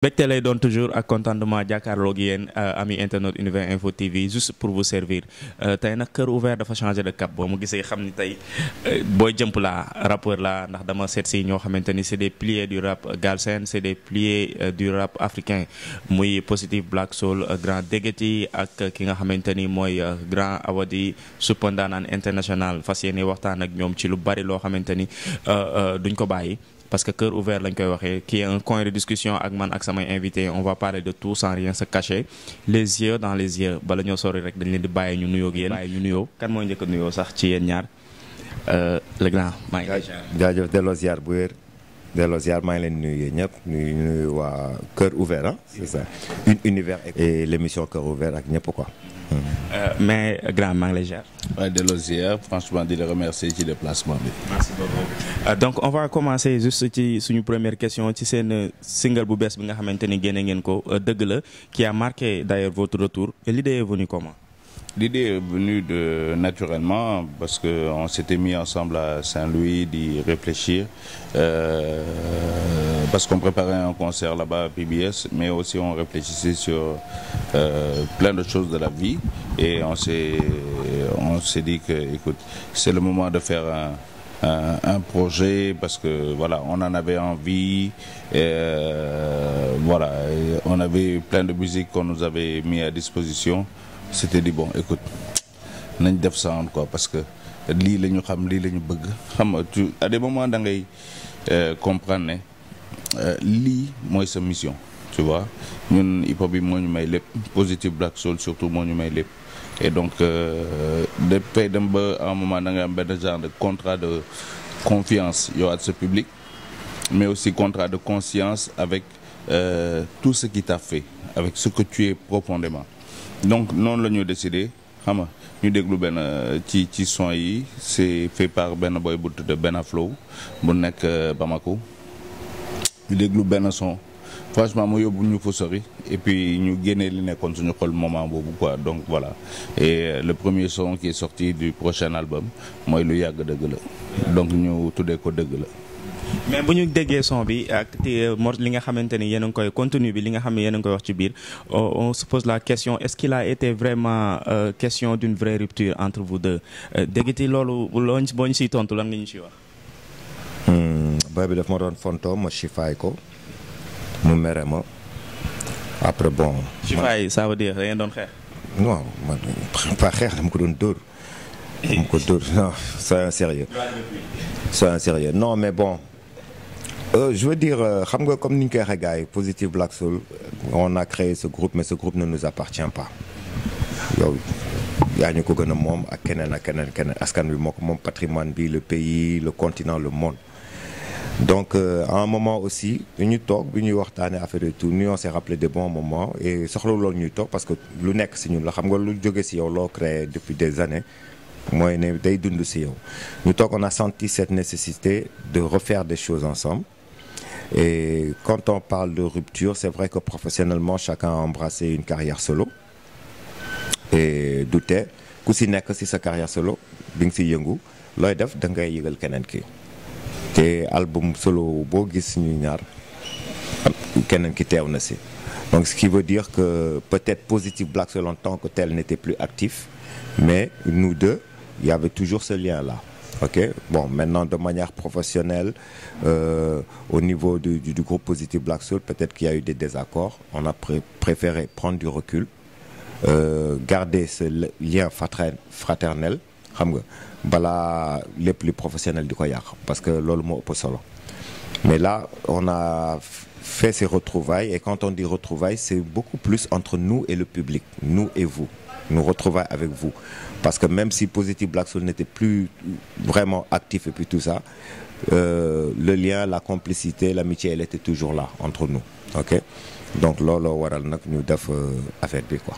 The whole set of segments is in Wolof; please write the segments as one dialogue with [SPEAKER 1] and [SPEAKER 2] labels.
[SPEAKER 1] mbégte lay doon toujours ak contentement jàkkaarloog yéen euh, ami internet univers info pour vu servir euh, tey nag cœur ouvert dafa changé de cap boo mu gisee xam ni tey euh, booy jëmp laa rappeur laa ndax dama seet si ñoo xamante ni c' est des piliers du rap galsen c' est des du rap africain muy Positive Black Soul Grand Degeti ak ki nga xamante ni mooy Grand Awadi Suppandanaan international fas yéene waxtaan ak ñoom ci lu bari loo xamante ni duñ ko bàyyi. parce que cœur ouvert lañ koy waxee ki est un coin de discussion ak man ak samay invité on va parler de tout sans rien se cacher les yeux dans les yeux bala ñoo sori rek dañ leen di bàyyi ñu nuyoo yéen bàyyi ñu kan mooy njëkk a nuyoo sax ci yéen ñaar
[SPEAKER 2] euh, le grand maa ngi jaajëf delloo ziar bu wér delloo maa ngi leen nuyu ñëpp nuyu nuyu waa cœur ouvert ah c'est ça une univers et l'émission cœur ouvert ak ñëpp quoi Euh, mais grand maa ngi lay ziar.
[SPEAKER 1] waaye delloo ziar di la remercier ci déplacement bi. Euh, donc on va commencer juste ci suñu première question ci seen euh, single bu bees bi nga xamante ni génne ngeen ko dëgg la qui a marqué d'ailleurs votre retour l'idée est venue comment.
[SPEAKER 3] L'idée est venue de, naturellement parce qu'on s'était mis ensemble à Saint-Louis d'y réfléchir, euh, parce qu'on préparait un concert là-bas à PBS, mais aussi on réfléchissait sur euh, plein de choses de la vie et on s'est dit que, écoute, c'est le moment de faire un, un, un, projet parce que voilà on en avait envie et euh, voilà on avait plein de musique qu'on nous avait mis à disposition c'était dit bon écoute nañ def ça en parce que lii la ñu xam lii la ñu bëgg xam nga tu à des moments da ngay euh, comprendre ne euh, lii mooy sa mission tu vois ñun hip hop bi moo ñu may lépp positive black soul surtout moo ñu may lépp e donc euh, dafay dem ba à un moment da ngay am benn genre de contrat de confiance yow ak sa public mais aussi contrat de conscience avec euh, tout ce qui t'a fait avec ce que tu es profondément donc noonu la ñu décidé xam ñu déglu benn euh, ci ci son yi c'est fait par benn boy bu tudd benn flow bu nekk euh, Bamako ñu déglu benn son franchement mu yóbbu ñu fa sori et puis ñu génnee li nekkoon suñu xol moment boobu quoi donc voilà et euh, le premier son qui est sorti du prochain album mooy lu yàgg dëgg la donc ñu tuddee ko dëgg la.
[SPEAKER 1] mais bu ñu déggee son bi ak euh, li nga xamante ni yéen a ngi koy contenu bi li nga xam ne yéen a ngi koy wax ci biir on se pose la question est-ce qu'il a été vraiment euh, question d'une vraie rupture entre vous deux euh, déggati loolu looñ boo ñu siy tontu lan nga ñu siy wax.
[SPEAKER 2] Hmm, boy bi daf ma doon fonto ma chifaay ko mu mere ma après bon. chifaay
[SPEAKER 1] ça veut dire da ngeen doon xeex.
[SPEAKER 2] non pas xeex dama ko doon dóor. dama ko dóor non soyons sérieux. soyons mais bon. Euh, je veux dire, euh, xam nga comme ni ñu koy waxee gars yi Positive Black Soul on a créé ce groupe mais ce groupe ne nous appartient pas yow yaa ñu ko gën a moom ak keneen ak keneen keneen askan bi moo ko moom patrimoine bi le pays le continent le monde. donc euh, à un moment aussi ñu toog bi ñuy waxtaanee affaire yi tout nous on s'est rappelé des bons moments et soxla loolu ñuy toog parce que lu nekk si ñun la xam nga lu jóge si yow loo créé depuis des années mooy ne day dund si yow ñu toog on a senti cette nécessité de refaire des choses ensemble. Et quand on parle de rupture, c'est vrai que professionnellement, chacun a embrassé une carrière solo. et du tee ku si nekk si sa carrière solo bi nga si yëngu looy def da ngay yëgal keneen ki te album solo boo gis ñu ñaar keneen ki teew na si donc ce qui veut dire que peut-être Positive Black Soul en tant que tel n'était plus actif mais nous deux il y avait toujours ce lien là Ok, bon, maintenant de manière professionnelle, euh, au niveau du, du, du, groupe Positive Black Soul, peut-être qu'il y a eu des désaccords. On a pr préféré prendre du recul, euh, garder ce lien fraternel, voilà les plus professionnels du Koyak, parce que l'olmo au solo. Mais là, on a fait ces retrouvailles, et quand on dit retrouvailles, c'est beaucoup plus entre nous et le public, nous et vous. nous retrouver avec vous. Parce que même si Positive Black Soul n'était plus vraiment actif et puis tout ça, euh, le lien, la complicité, l'amitié, elle était toujours là entre nous. ok donc looloo waral nag ñu def euh, affaire bi quoi.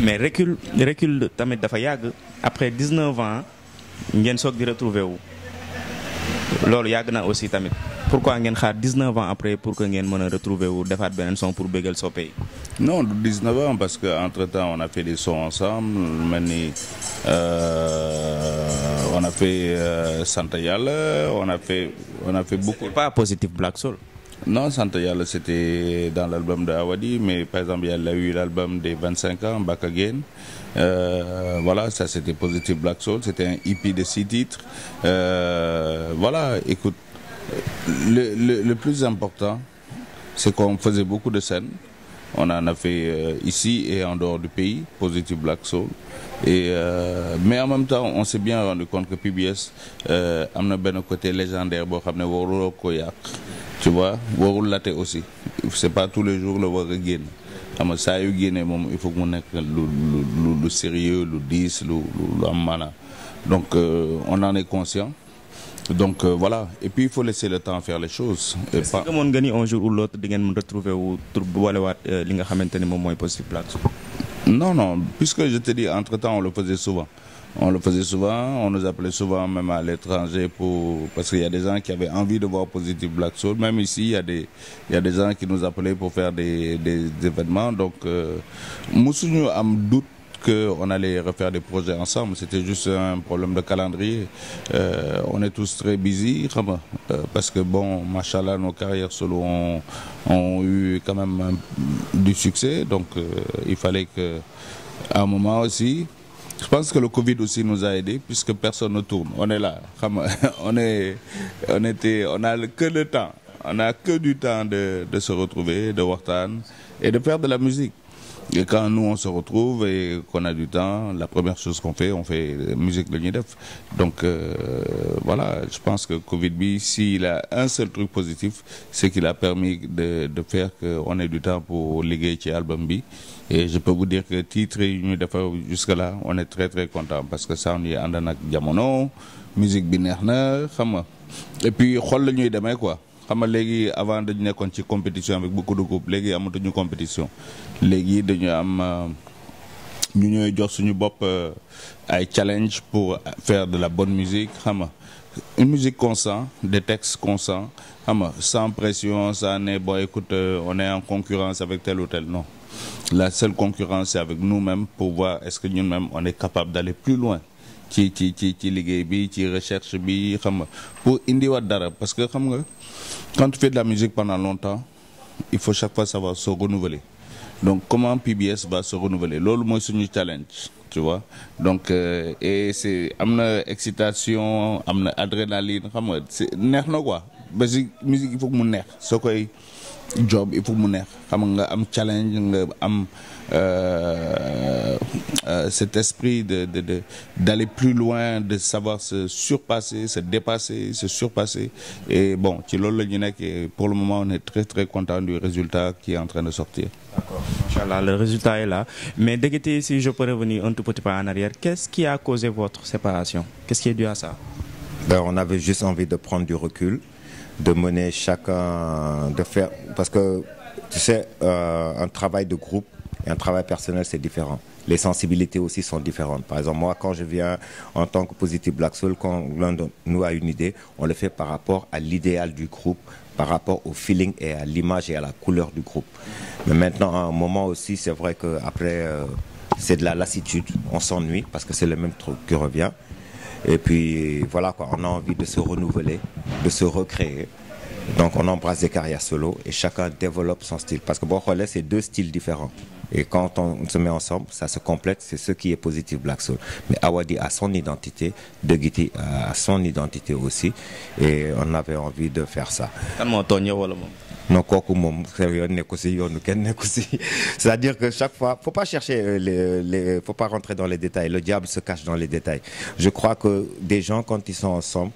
[SPEAKER 1] mais recul recul tamit dafa yàgg après 19 ans ngeen soog di retrouver wu loolu yàgg na aussi tamit. pourquoi ngeen xaar 19 ans après pour que ngeen mën a retrouver wu defaat beneen son pour bégal soppe yi. non du 19 ans parce que entre temps on a fait des sons
[SPEAKER 3] ensemble mel ni euh, on a fait euh, sant yàlla on a fait on a fait beaucoup. pas positif Black Soul. Non, Santa Yala, c'était dans l'album de Awadi, mais par exemple, il y a eu l'album des 25 ans, Back Again. Euh, voilà, ça c'était Positive Black Soul, c'était un hippie de six titres. Euh, voilà, le, le, le plus important, c'est qu'on faisait beaucoup de scènes. On en a fait euh, ici et en dehors du pays, Positive Black Soul. Et, euh, mais en même temps, on s'est bien rendu compte que PBS euh, a un côté légendaire, tu vois, warul latte aussi. C'est pas tous les jours le war a génn xam saa yu génnee moom il que mu nekk lu lu lu sérieux lu diis lu lu donc euh, on en est conscient donc euh, voilà et puis il faut laisser le temps faire les choses. et pas gëmoon nga ni un jour ou l'autre di ngeen mën retrouver wu tur boolewaat euh, li nga xamante moom mooy Positive Black non non puisque je te dis entre on le faisait souvent on nous appelait souvent même à l'étranger parce qu'il y a des gens qui avaient envie de voir Positive Black Soul même ici il y a des il y a des gens qui nous appelaient pour faire des des événements donc euh, mosuñu am doute. qu'on allait refaire des projets ensemble c'était juste un problème de calendrier euh, on est tous très busy xam nga euh, parce que bon machallah nos carrières solo ont, ont eu quand même du succès donc euh, il fallait que à un moment aussi je pense que le Covid aussi nous a aidés puisque personne ne tourne on est là xam nga on est on était on a que le temps on a que du temps de de se retrouver de waxtaan et de faire de la musique Et quand nous on se retrouve et qu'on a du temps, la première chose qu'on fait, on fait musique la ñuy def donc euh, voilà je pense que Covid bi s'il a un seul truc positif c'est qu'il a permis de de faire que on ait du temps pour liggéey ci album bi et je peux vous dire que titres yi ñu defar jusque-là on est très très content parce que sound yi ànd na ak jamono musique bi neex na xam nga et puis xol la ñuy demee quoi. xam nga léegi avant dañu nekkoon ci compétition avec beaucoup de groupes léegi amatuñu compétition léegi dañu am euh, ñu ñooy jox suñu bopp euh, ay challenge pour de la bonne musique xam nga une musique constante des textes constants xam nga sans pression ça n'est bon écoute euh, on est en concurrence avec tel ou tel non la seule concurrence c'est avec nous-mêmes pour est-ce que nous-mêmes on est capable d'aller plus loin ci ci ci ci liggéey bi ci recherche bi xam nga pour indiwaat dara parce que xam nga quand tu fais de la musique pendant longtemps il faut chaque fois savoir se renouveler donc comment PBS va se renouveler loolu mooy suñu challenge tu donc euh, c'est am na excitation am na adrénaline xam nga c'est neex na quoi parce que musique il faut mu neex soo koy job il faut mu neex xam nga am challenge nga am. euh, euh, cet esprit de de de d'aller plus loin de savoir se surpasser se dépasser se surpasser et bon ci loolu la ñu nekk et pour le moment on est très très content du
[SPEAKER 1] résultat qui est en train de sortir. le résultat est là mais Dégueté, si je peux revenir un tout petit peu en arrière qu'est-ce qui a causé votre séparation qu'est-ce qui est dû à
[SPEAKER 2] de prendre du recul parce que tu sais euh, travail de groupe Et un travail personnel, c'est différent. Les sensibilités aussi sont différentes. Par exemple, moi, quand je viens en tant que Positive Black Soul, quand l'un de nous a une idée, on le fait par rapport à l'idéal du groupe, par rapport au feeling et à l'image et à la couleur du groupe. Mais maintenant, à un moment aussi, c'est vrai qu'après, euh, c'est de la lassitude. On s'ennuie parce que c'est le même truc qui revient. Et puis, voilà, quoi, on a envie de se renouveler, de se recréer. Donc on embrasse des carrières solo et chacun développe son style. Parce que Borrelais, c'est deux styles différents. Et quand on se met ensemble, ça se complète, c'est ce qui est positif Black Soul. Mais Awadi a son identité, De Giti a son identité aussi, et on avait envie de faire ça. non kooku moom xew yoon nekku si yoonu kenn nekku si c'est-à-dire que chaque fois faut pas chercher euh, les les faut pas rentrer dans les détails le diable se cache dans les détails je crois que des gens quand ils sont ensemble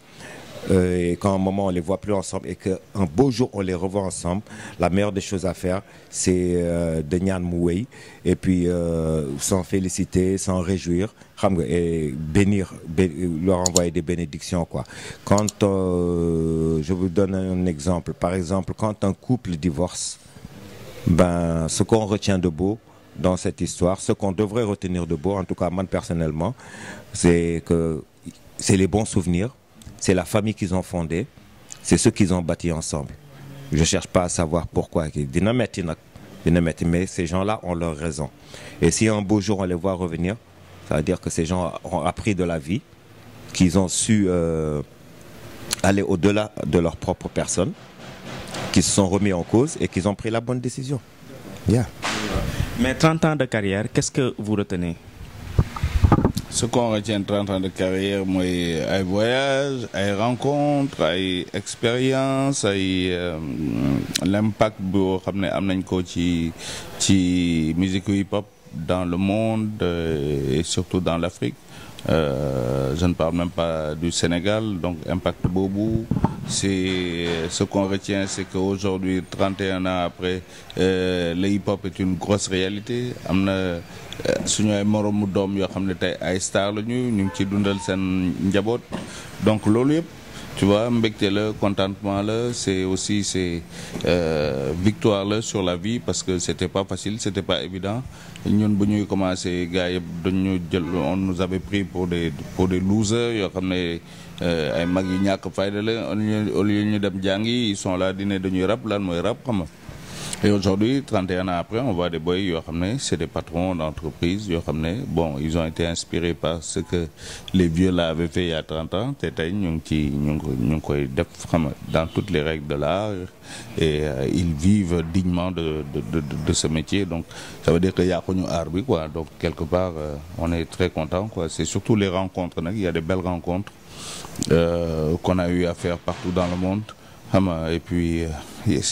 [SPEAKER 2] Euh, et qu'à un moment on les voit plus ensemble et qu'un beau jour on les revoit ensemble, la meilleure des choses à faire, c'est euh, de ñaan mu wéy et puis euh, s'en féliciter, s'en réjouir, xam nga et bénir, leur envoyer des bénédictions quoi. Quand euh, je vous donne un exemple, par exemple, quand un couple divorce, ben ce qu'on retient de beau dans cette histoire, ce qu'on devrait retenir de beau, en tout cas moi personnellement, c'est que c'est les bons souvenirs C'est la famille qu'ils ont fondée, c'est ce qu'ils ont bâti ensemble. Je ne cherche pas à savoir pourquoi. Mais ces gens-là ont leur raison. Et si un beau jour on les voit revenir, ça veut dire que ces gens ont appris de la vie, qu'ils ont su euh, aller au-delà de leur propre personne, qu'ils se sont remis en cause et qu'ils ont pris la bonne décision. Yeah. Mais 30 ans de carrière, qu'est-ce que vous retenez
[SPEAKER 1] ce qu'on retient 30 de carrière mooy ay voyage ay
[SPEAKER 3] rencontre ay expérience ay euh, l'impact boo xam ne am nañ ko ci ci musique hip hop dans le monde euh, et surtout dans l'Afrique Euh, je ne parle même pas du Sénégal. Donc, impact Bobo, ce qu'on retient, c'est qu'aujourd'hui, 31 ans après, euh, le hip-hop est une grosse réalité. Amna, euh, suñu ay moromu doom yoo xam ne tey ay star la ñu ñu ngi ciy dundal seen njaboot donc loolu yëpp tu vois mbégte la contentement la c'est aussi c'est euh, victoire la sur la vie parce que c'était pas facile c'était pas évident ñun bu ñuy commencé gars yëpp dañu jël on nous avait pris pour des pour des losers yoo xam ne euh, ay mag yu ñàkk fayda la au lieu ñu dem jàngi ils sont là dine dañuy rap lan mooy rap xam et aujourd'hui 31 ans après on voit des boys yoo xam ne c'est des patrons d'entreprise yoo xam ne bon ils ont été inspirés par ce que les vieux là avaient fait il y a 30 ans te tey ñu ngi ci ñu ngi ñu ngi koy def xam dans toutes les règles de l'art et euh, ils vivent dignement de de de de ce métier donc ça veut dire que bi quoi donc quelque part euh, on surtout les rencontres nag il y a des belles rencontres euh, qu'on a eu partout dans le monde xam et puis euh,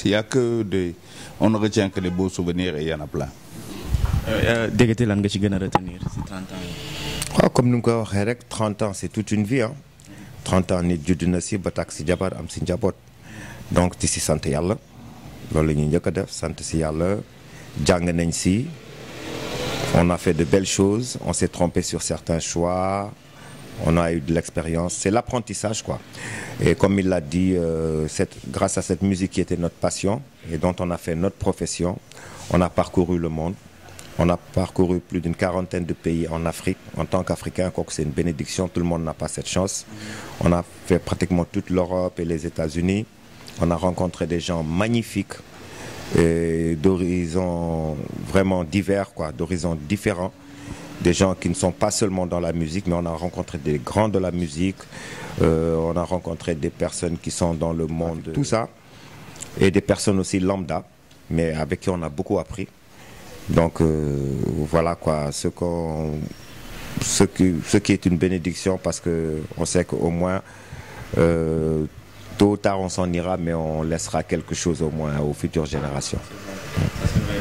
[SPEAKER 3] il y a que des
[SPEAKER 2] on ne retient que les beaux souvenirs et il y a plein. Euh, euh, Dégaté lan nga ci gën a retenir
[SPEAKER 1] si 30 ans
[SPEAKER 2] comme ni nga ko waxee rek 30 ans c'est toute une vie ah. ans nit judd na si ba takk si jabar am si njaboot donc di si sant yàlla loolu la ñuy njëkk a def sant si yàlla jàng nañ si on a fait de belles choses on s'est trompé sur certains choix. on a eu de l'expérience. C'est l'apprentissage, quoi. Et comme il l'a dit, euh, cette, grâce à cette musique qui était notre passion et dont on a fait notre profession, on a parcouru le monde. On a parcouru plus d'une quarantaine de pays en Afrique. En tant qu'Africain, quoi que c'est une bénédiction, tout le monde n'a pas cette chance. On a fait pratiquement toute l'Europe et les États-Unis. On a rencontré des gens magnifiques d'horizons vraiment divers, quoi, d'horizons différents. des gens qui ne sont pas seulement dans la musique, mais on a rencontré des grands de la musique, euh, on a rencontré des personnes qui sont dans le monde, tout ça, et des personnes aussi lambda, mais avec qui on a beaucoup appris. Donc euh, voilà quoi, ce, qu ce, qui, ce qui est une bénédiction parce qu'on sait qu'au moins euh, tôt ou tard on s'en ira mais on laissera quelque chose au moins aux futures générations.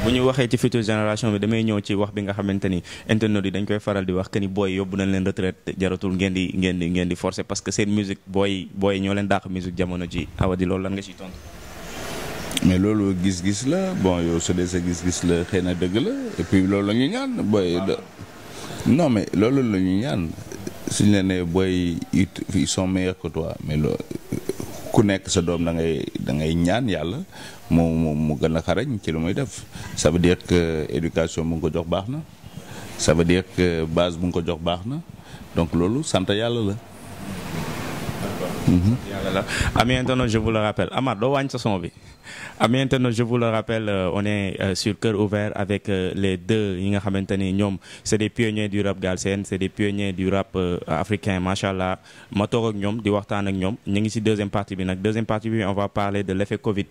[SPEAKER 1] bu ñu waxee ci future génération bi damay ñëw ci wax bi nga xamante ni internet yi dañ koy faral di wax que ni booy yóbbu nañ leen retraite jaratul ngeen di ngeen di ngeen di forcer parce que seen musique booy booy ñoo leen dàq musique jamono ji awadi loolu lan nga ciy
[SPEAKER 3] tontu. loolu gis-gis la bon yow su dee gis-gis la xëy na dëgg la et puis loolu la ñu ñaan booy. non mais loolu la ñu ñaan suñu la nee booy ils sont meilleurs que toi mais ku nekk sa doom da ngay da ngay ñaan yàlla mu mu mu gën a xarañ ci lu muy def ça veut dire que éducation bu ko jox baax na ça veut dire que
[SPEAKER 1] base bu nga ko jox baax na donc loolu sant yàlla la
[SPEAKER 3] yàlla
[SPEAKER 1] la ami internet je vous le rappelle Amar doo wàññi sa son bi ami internet je vous le rappelle euh, on est euh, sur cœur ouvert avec euh, les deux yi nga xamante ni ñoom c' est des pionniers du rap galsen c' est des du rap africain macha allah ma toog ñoom di waxtaan ak ñoom ñu ngi si deuxième partie bi nag deuxième partie bi on va parler de l' effet Covid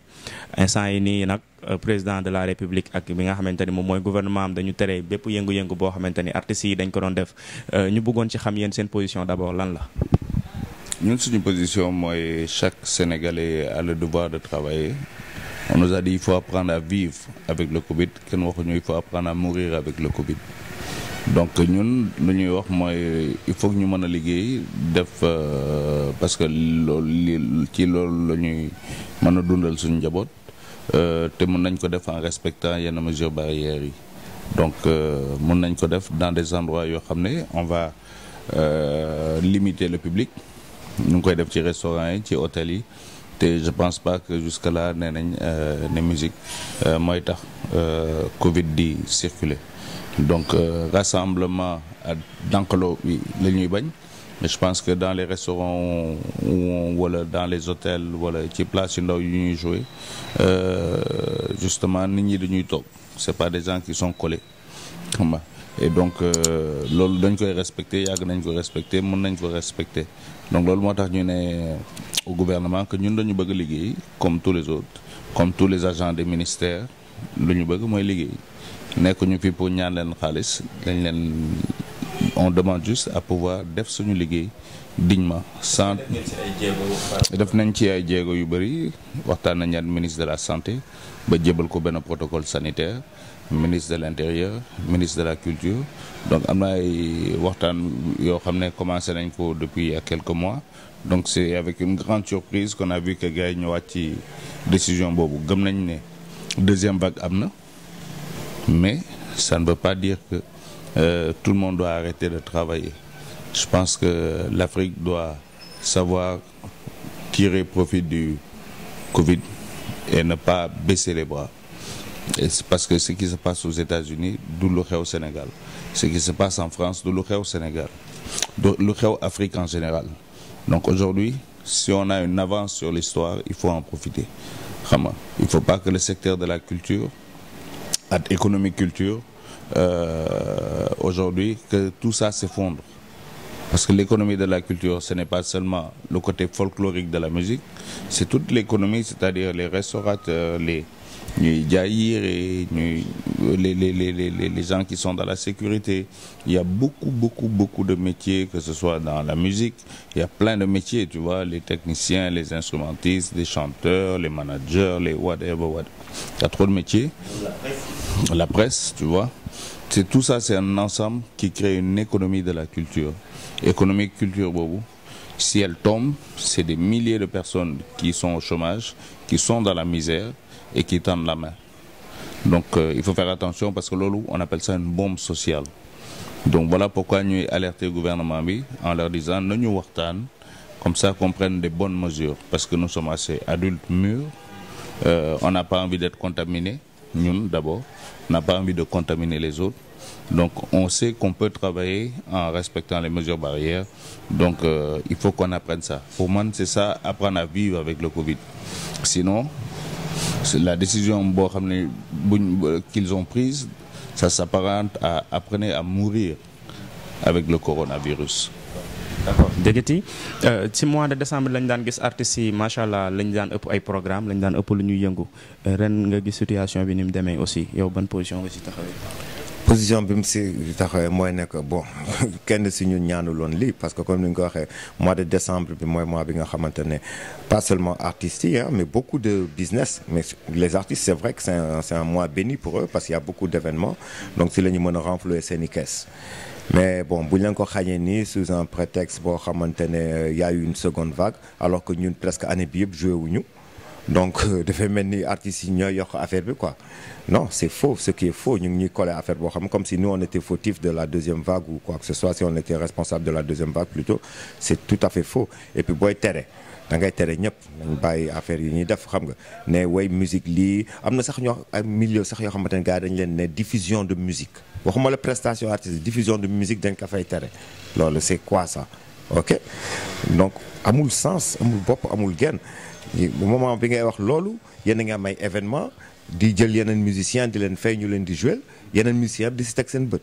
[SPEAKER 1] instant yi nag président de la république ak bi nga xamante ni moom mooy gouvernement am dañu tere bépp yëngu-yëngu boo xamante ni artistes yi dañ ko doon def ñu bëggoon ci xam yéen seen position d' abord lan la.
[SPEAKER 3] ñun suñu position mooy chaque Sénégalais a le devoir de travailler on nous a dit il faut apprendre à vivre avec le Covid kenn waxuñu il faut apprendre à mourir avec le Covid donc ñun lu ñuy wax mooy il faut ñu mën a liggéey def euh, parce que loolu ci loolu la ñuy mën a dundal suñu njaboot euh, te mën nañ ko def en respectant yenn mesures barrières yi donc euh, mën nañ ko def dans des endroits yoo xam ne on va limiter le public ñu ngi koy def ci restaurant yi ci hôtel yi te je pense pas que jusque là nee nañ euh, ne musique euh, mooy tax euh, Covid di circuler donc rassemblement ak dankaloo bi la ñuy bañ mais je pense que dans les restaurants wala dans les hôtels wala ci place yu ndaw yu ñuy jouer justement nit ñi dañuy toog c'est pas des gens qui son collés et donc euh, loolu dañ koy respecté yàgg nañ ko respecté mën nañ ko respecté donc loolu moo tax ñu ne au gouvernement que ñun dañu bëgg liggéey comme tous les autres comme tous les agents des ministères lu ñu bëgg mooy liggéey nekk ñu fi pour ñaan leen xaalis dañ leen on demande juste à pouvoir def suñu liggéey dignement sans def nañ ci ay jéego yu bëri waxtaan nañ ak ministre de la santé ba jëbal ko benn protocole sanitaire ministre de l'intérieur ministre de la culture donc am na ay waxtaan yoo xam ne commencé nañ ko depuis il a quelques mois donc c'est avec une grande surprise qu'on a vu que gars yi ci décision boobu gëm nañ ne deuxième vague am na mais ça ne veut pas dire que euh, tout le monde doit arrêter de travailler je pense que l'Afrique doit savoir tirer profit du Covid et ne pas baisser les bras Et parce que ce qui se passe aux États-Unis du lu xew Sénégal ce qui se passe en France du lu xew Sénégal lu xew Afrique général donc aujourd'hui si on a une avance sur l'histoire il faut en profiter xam nga il faut pas que le secteur de la culture ak économie culture euh, aujourd'hui que tout ça s'effondre parce que l'économie de la culture ce n'est pas seulement le côté folklorique de la musique c'est toute l'économie c'est-à-dire les restaurateurs les ñuy jaay yére ñuy les les les les gens qui sont dans la sécurité il y a beaucoup beaucoup de métiers que ce soit dans la musique il y a plein de métiers les techniciens les instrumentistes les chanteurs les managers les whatever whatever y a trop de métiers la presse, tout ça c'est un ensemble qui crée une économie de la culture économie culture boobu si elle tombe c'est des milliers de personnes qui sont au chômage qui sont dans la misère et qui tendent Donc euh, il faut faire attention parce que loolu on appelle ça une bombe sociale. Donc voilà pourquoi ñuy alerter gouvernement bi en leur disant nañu waxtaan comme ça qu'on prenne des bonnes mesures parce que nous sommes assez adultes mûrs. Euh, on n'a pas envie d'être contaminé ñun d'abord, on n'a pas les autres. Donc on sait qu'on peut travailler en respectant les mesures barrières. Donc euh, il faut qu'on apprenne ça. Pour moi, c'est ça, apprendre à vivre avec le Covid. Sinon la décision boo xam ne bu buñ qu'ils ont prise ça s'apparente à apprenez à mourir
[SPEAKER 1] avec le coronavirus d'accord Djeguety ci mois de décembre lañ daan gis artistes si macha allah lañ daan ëpp ay programme lañ daan ëpp lu ñuy yëngu euh, ren nga gis situation bi ni
[SPEAKER 2] mu demee aussi yow ban position nga ci taxawee position bi mu si taxawee mooy nekk bon kenn si ñun ñaanuloon lii parce que comme ni nga ko waxee mois de décembre bi mooy mois bi nga xamante ne pas seulement artistes yi ah, mais beaucoup de business mais les artistes c'est vrai que c'est un, mois béni pour eux parce qu'il y a beaucoup d'événements donc si la ñu mën a renflouer seen i caisse mais bon bu ñu leen ko xañee nii sous un prétexte boo xamante ne y a eu une seconde vague alors que ñun presque année bi yëpp joué wuñu donc euh, dafay mel ni artistes ñoo ñooy affaire bi quoi non c'est faux ce qui est faux ñu ngi ñuy collé affaire boo xam comme si nous on était fautifs de la deuxième vague ou quoi que ce soit si on était responsable de la deuxième vague plutôt c'est tout à fait faux et booy tere dangay tere ñëpp dañ bàyyi affaire yi ñuy def xam nga ne way musique lii am na sax ñoo ay milieu sax yoo xamante ne gars dañ leen ne diffusion de musique waxuma la prestation artiste diffusion de musique dañ ko fay tere loolu c'est quoi ça ok donc amul sens bopp amul genn moment bi ngay wax loolu yéen a ngi am ay événement di jël yeneen musicien di leen fay ñu leen di jouer yeneen musicien di si teg seen bët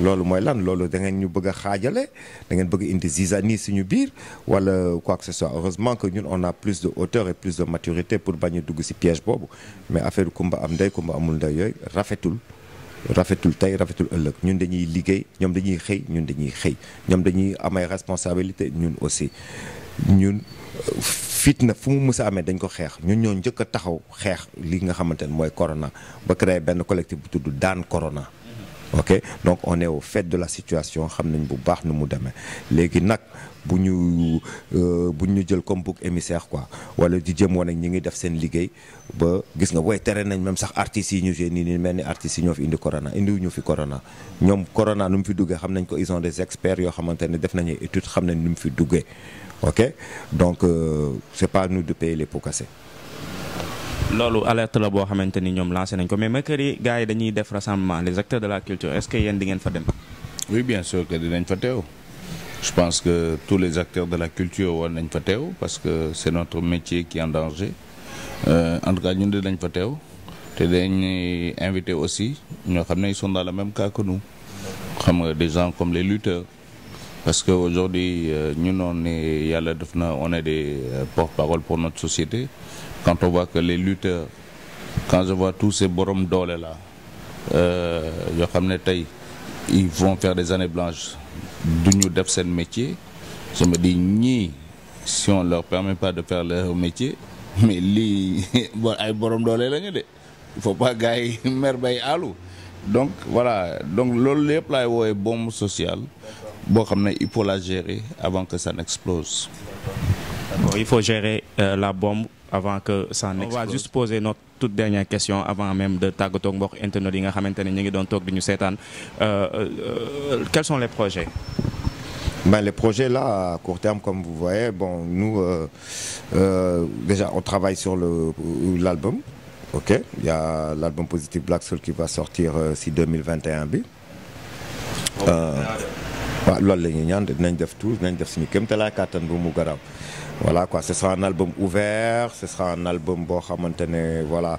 [SPEAKER 2] loolu mooy lan loolu da ngeen ñu bëgg a xaajale da ngeen bëgg indi zizanie suñu biir wala quoi que ce soit heureusement que ñun on a plus de hauteur et plus de maturité pour bañ a dugg si piège boobu mais affaire kumba am ndey kumba amul ndey yooyu rafetul rafetul tey rafetul ëllëg ñun dañuy liggéey ñoom dañuy xëy ñun dañuy xëy ñoom dañuy am ay ñun aussi ñun fitna fu mu mës a amee dañ ko xeex ñun ñoo njëkk a taxaw xeex lii nga xamante ne mooy corona ba créé benn collectif bu tudd daan corona. ok donc on est au fait de la situation xam nañ bu baax nu mu demee léegi nag bu ñu euh, bu ñu jël comme bouc émissaire quoi wala di jëm woon ak ñi ngi def seen liggéey ba gis nga booy tere nañ même sax artistes yi ñu jee nii nii mel ni artistes yi ñoo fi indi corona indiwuñu fi corona. ñoom corona nu mu fi duggee xam nañ ko ils ont des experts xamante ne def nañu étude xam nañ nu mu fi duggee. ok donc euh, c'est pas à nous de payer les pots cassés. loolu alerte la boo xamante ni ñoom lancé nañ
[SPEAKER 1] ko mais mercredi gars yi dañuy def rassemblement les acteurs de la culture est-ce que yéen di ngeen fa dem. oui bien sûr
[SPEAKER 3] que dinañ fa teew je pense que tous les acteurs de la culture war nañ fa teew parce que c'est notre métier qui est en danger euh, en tout cas ñun dinañ fa teew te dañ invité aussi ñoo xam ne ils sont dans le même cas que nous xam nga des gens comme les lutteurs. Parce qu'aujourd'hui, euh, nous, on est, on est des euh, porte-parole pour notre société. Quand on voit que les lutteurs, quand je vois tous ces borom d'olé là, euh, ils vont faire des années blanches d'union d'absent métier. Je me dis, ni si on ne leur permet pas de faire leur métier, mais les borom d'olé là, il faut pas gagner mer alou. donc voilà donc loolu lépp laay woowee bombe sociale
[SPEAKER 1] boo xam ne il faut la gérer avant que ça n'explose. il faut gérer euh, la bombe avant que ça n'explose. On va juste poser notre toute dernière question avant même de tàggatoo ak mbokk internet yi nga xamante ne ñu ngi doon toog di ñu seetaan euh, euh, quels sont les projets.
[SPEAKER 2] les projets là à court terme comme vous voyez bon nous euh, euh, déjà on travaille sur l'album. ok il y a l'album Positive Black Soul qui va sortir euh, si 2021 bi. Oh. Euh, waaw loolu la ñuy ñaan dinañ def tout dinañ def suñu la kàttan bu mu garab voilà quoi ce sera un album ouvert ce sera un album boo xamante ne voilà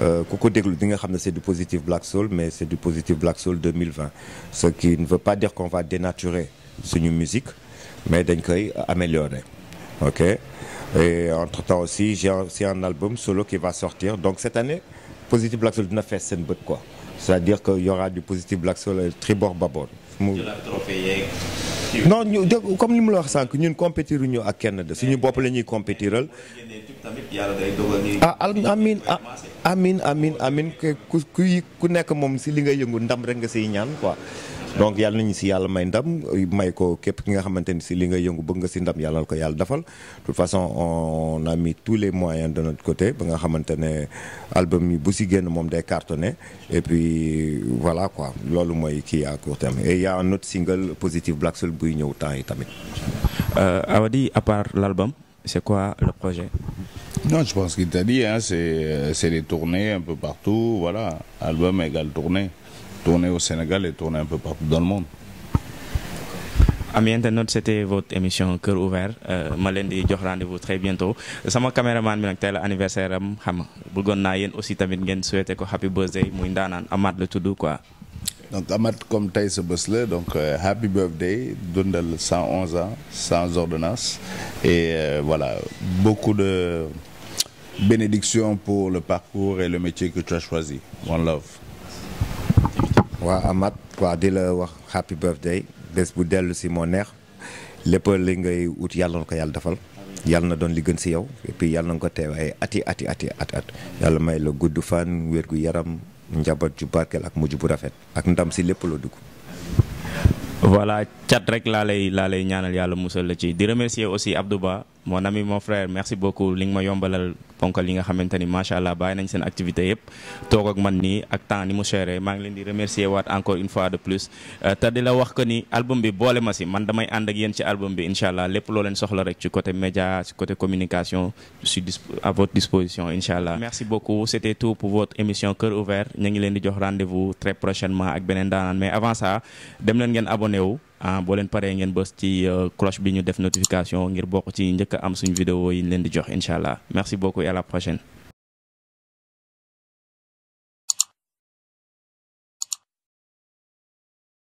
[SPEAKER 2] euh, ku ko déglu di nga xam ne c'est du Positive Black Soul mais c'est du Positive Black Soul 2020 ce qui ne veut pas dire qu'on va dénaturer suñu musique mais dañ koy améliorer. ok et entre-temps aussi j'ai aussi un album solo qui va sortir donc cette année Positive Black dina fees seen bët quoi c'est-à-dire que y aura du Positive Black Soul et Tribord Babor comme ni mu la wax sànq ñun compétir ñu ak kenn de suñu bopp la ñuy compétiral ah, ah amin amin amin amin ku nekk moom si li ngay yëngu ndam rek nga siy ñaan quoi donc yàlla nañu si yàlla may ndam may ko képp ki nga xamante ni si li nga yëngu bëgg nga si ndam yàlla ko yàlla defal de façon on a mis tous les moyens de notre côté ba nga xamante ne album yi bu si génn moom day cartonné et puis voilà quoi loolu mooy kii à court terme et y a un autre single Positive Black Soul buy ñëw temps yi tamit.
[SPEAKER 1] Euh, Awadi à part l'album c'est quoi
[SPEAKER 3] le projet. Non, je pense qu'il t'a dit, hein, c'est, c'est les tournées un peu partout, voilà.
[SPEAKER 1] Album égale tourner au Sénégal et tourner un peu partout dans le monde. ami internaute c'était votre émission Cœur ouvert euh, ma leen di jox rendez-vous très bientôt sama caméraman bi nag tey la am xam nga bëggoon naa yéen aussi tamit ngeen souhaité ko happy birthday muy ndaanaan Amath la tudd quoi.
[SPEAKER 3] donc Amath comme tey sa bés la donc euh, happy birthday dundal 111 ans sans ordonnance et euh, voilà beaucoup de bénédictions pour le parcours et le métier que tu as choisi
[SPEAKER 2] waa Amath waa di la wax happy birthday bés bu dellu si moo neex lépp li ngay ut yàlla na ko yàlla defal yàlla na doon li gën si yow et puis yàlla ko teewaay ati ati ati at at yàlla may la gudd fan wér yaram njaboot ju barkeel ak mujj bu rafet ak ndam si lépp loo dugg. voilà
[SPEAKER 1] cat rek laa lay ñaanal yàlla musal la ci di remercier aussi Abdou Ba mon ami mon frère merci beaucoup li nga ma yombalal ponkal li nga xamante ni macha allah bàyyi nañ seen activité yëpp toog ak man nii ak temps ni mu chéré maa ngi leen di remercier waat encore une fois de plus euh, te di la wax que ni album bi boole ma si man damay ànd ak yéen ci album bi incha allah lépp loo leen soxla rek ci côté média ci côté communication je suis à votre disposition incha allah. merci beaucoup c' était tout pour votre émission Cœur ouvert ngi leen di jox rendez vous ak beneen daanaan mais avant ça dem leen ngeen abonné wu. ah boo leen paree ngeen bës ci euh, cloche bi ñu def notification ngir bokk ci njëkk am suñu vidéo yi leen di
[SPEAKER 2] jox incha allah merci beaucoup et à la prochaine.